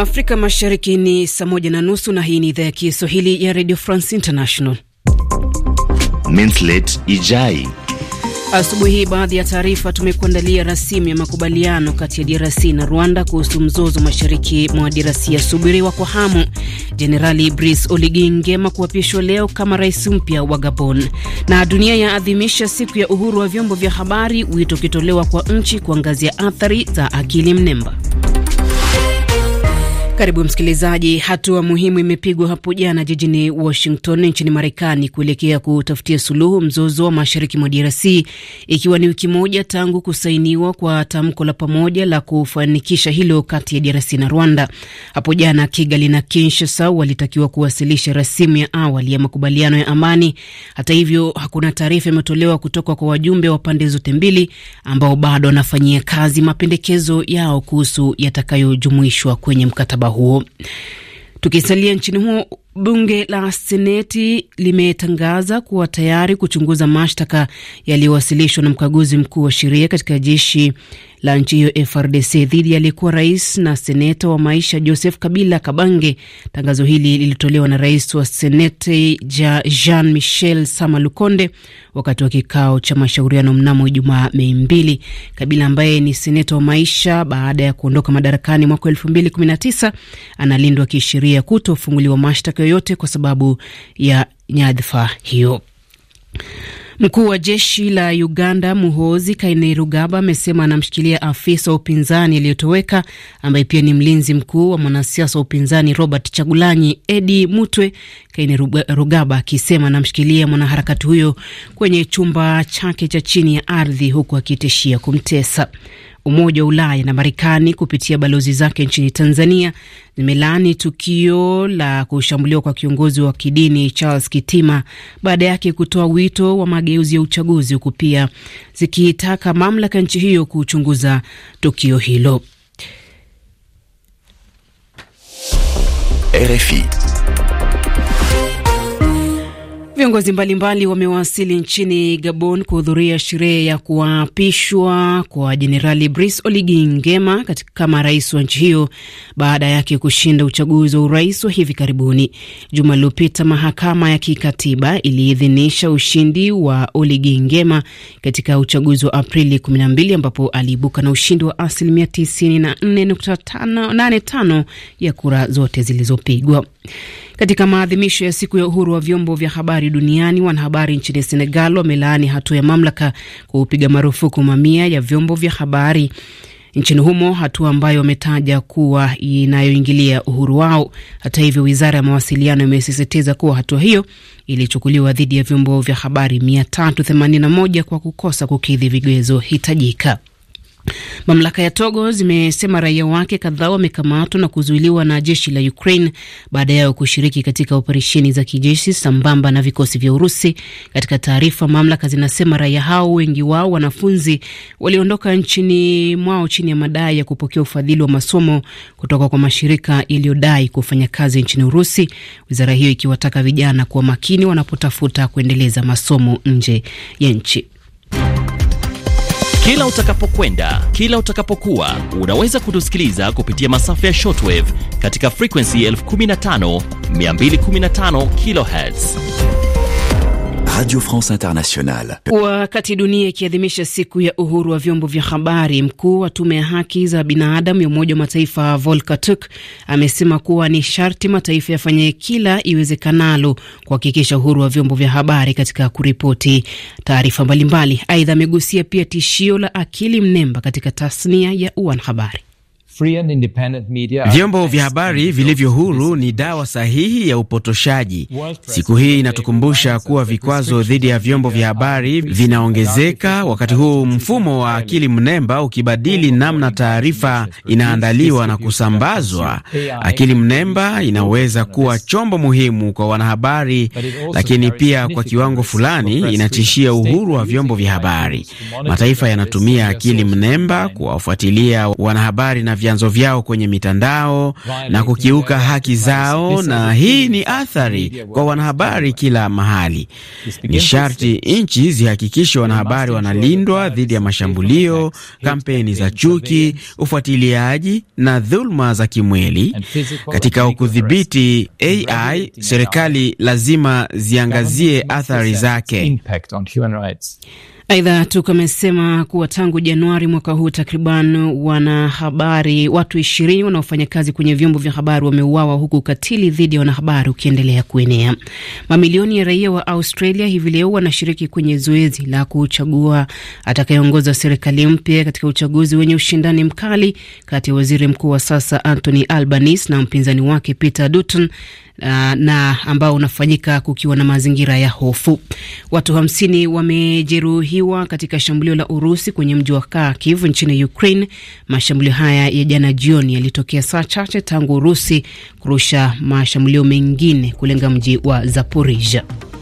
Afrika Mashariki ni saa moja na nusu na hii ni idhaa ya Kiswahili ya Radio France International. Mintlet Ijai. Asubuhi hii baadhi ya taarifa tumekuandalia: rasimu ya makubaliano kati ya DRC na Rwanda kuhusu mzozo mashariki mwa DRC yasubiriwa kwa hamu. Jenerali Brice Oligui Nguema kuapishwa leo kama rais mpya wa Gabon, na dunia yaadhimisha siku ya uhuru wa vyombo vya habari, wito ukitolewa kwa nchi kuangazia athari za akili mnemba. Karibu msikilizaji. Hatua muhimu imepigwa hapo jana jijini Washington nchini Marekani kuelekea kutafutia suluhu mzozo wa mashariki mwa DRC, ikiwa ni wiki moja tangu kusainiwa kwa tamko la pamoja la kufanikisha hilo kati ya DRC na Rwanda. Hapo jana Kigali na Kinshasa walitakiwa kuwasilisha rasimu ya awali ya makubaliano ya amani. Hata hivyo, hakuna taarifa imetolewa kutoka kwa wajumbe wa pande zote mbili ambao bado wanafanyia kazi mapendekezo yao kuhusu yatakayojumuishwa kwenye mkataba mkataba huo. Tukisalia nchini humo, Bunge la Seneti limetangaza kuwa tayari kuchunguza mashtaka yaliyowasilishwa na mkaguzi mkuu wa sheria katika jeshi la nchi hiyo FRDC dhidi ya aliyekuwa rais na seneta wa maisha Joseph Kabila Kabange. Tangazo hili lilitolewa na rais wa Seneti ja Jean Michel Sama Lukonde wakati wa kikao cha mashauriano mnamo Ijumaa Mei mbili. Kabila ambaye ni seneta wa maisha baada ya kuondoka madarakani mwaka 219 analindwa kisheria kutofunguliwa mashtaka yoyote kwa sababu ya nyadhifa hiyo. Mkuu wa jeshi la Uganda Muhoozi Kainerugaba amesema anamshikilia afisa wa upinzani aliyotoweka ambaye pia ni mlinzi mkuu wa mwanasiasa wa upinzani Robert Chagulanyi Edi Mutwe. Kainerugaba akisema anamshikilia mwanaharakati huyo kwenye chumba chake cha chini ya ardhi, huku akitishia kumtesa. Umoja wa Ulaya na Marekani kupitia balozi zake nchini Tanzania zimelaani tukio la kushambuliwa kwa kiongozi wa kidini Charles Kitima baada yake kutoa wito wa mageuzi ya uchaguzi, huku pia zikitaka mamlaka nchi hiyo kuchunguza tukio hilo. RFI Viongozi mbalimbali wamewasili nchini Gabon kuhudhuria sherehe ya kuapishwa kwa Jenerali Brice Oligui Nguema kama rais wa nchi hiyo baada yake kushinda uchaguzi wa urais wa hivi karibuni. Juma lililopita, mahakama ya kikatiba iliidhinisha ushindi wa Oligui Nguema katika uchaguzi wa Aprili 12 ambapo aliibuka na ushindi wa asilimia 94.85 ya kura zote zilizopigwa. Katika maadhimisho ya siku ya uhuru wa vyombo vya habari duniani, wanahabari nchini Senegal wamelaani hatua ya mamlaka kupiga marufuku mamia ya vyombo vya habari nchini humo, hatua ambayo wametaja kuwa inayoingilia uhuru wao. Hata hivyo, wizara ya mawasiliano imesisitiza kuwa hatua hiyo ilichukuliwa dhidi ya vyombo vya habari 381 kwa kukosa kukidhi vigezo hitajika. Mamlaka ya Togo zimesema raia wake kadhaa wamekamatwa na kuzuiliwa na jeshi la Ukraine baada yao kushiriki katika operesheni za kijeshi sambamba na vikosi vya Urusi. Katika taarifa, mamlaka zinasema raia hao, wengi wao wanafunzi, waliondoka nchini mwao chini ya madai ya kupokea ufadhili wa masomo kutoka kwa mashirika yaliyodai kufanya kazi nchini Urusi, wizara hiyo ikiwataka vijana kuwa makini wanapotafuta kuendeleza masomo nje ya nchi. Kila utakapokwenda, kila utakapokuwa, unaweza kutusikiliza kupitia masafa ya shortwave katika frequency 15215 kHz. Radio France Internationale. Wakati dunia ikiadhimisha siku ya uhuru wa vyombo vya habari, mkuu wa tume ya haki za binadamu ya Umoja wa Mataifa Volker Turk amesema kuwa ni sharti mataifa yafanye kila iwezekanalo kuhakikisha uhuru wa vyombo vya habari katika kuripoti taarifa mbalimbali. Aidha, amegusia pia tishio la akili mnemba katika tasnia ya uanahabari. Vyombo vya habari vilivyo huru ni dawa sahihi ya upotoshaji. Siku hii inatukumbusha kuwa vikwazo dhidi ya vyombo vya habari vinaongezeka, wakati huu mfumo wa akili mnemba ukibadili namna taarifa inaandaliwa na kusambazwa. Akili mnemba inaweza kuwa chombo muhimu kwa wanahabari, lakini pia kwa kiwango fulani inatishia uhuru wa vyombo vya habari. Mataifa yanatumia akili mnemba kuwafuatilia wanahabari na vyanzo vyao kwenye mitandao na kukiuka haki zao, na hii ni athari kwa wanahabari kila mahali. Ni sharti nchi zihakikishe wanahabari wanalindwa dhidi ya mashambulio, kampeni za chuki, ufuatiliaji na dhuluma za kimwili. Katika kudhibiti AI, serikali lazima ziangazie athari zake. Aidha, tuko amesema kuwa tangu Januari mwaka huu takriban wanahabari watu ishirini wanaofanya kazi kwenye vyombo vya habari wameuawa, huku ukatili dhidi ya wanahabari ukiendelea kuenea. Mamilioni ya raia wa Australia hivi leo wanashiriki kwenye zoezi la kuchagua atakayeongoza serikali mpya katika uchaguzi wenye ushindani mkali kati ya waziri mkuu wa sasa Anthony Albanese na mpinzani wake Peter Dutton uh, na ambao unafanyika kukiwa na mazingira ya hofu. Watu hamsini wamejeruhi kujeruhiwa katika shambulio la Urusi kwenye mji wa Kharkiv nchini Ukraine. Mashambulio haya ya jana jioni yalitokea saa chache tangu Urusi kurusha mashambulio mengine kulenga mji wa Zaporizhia.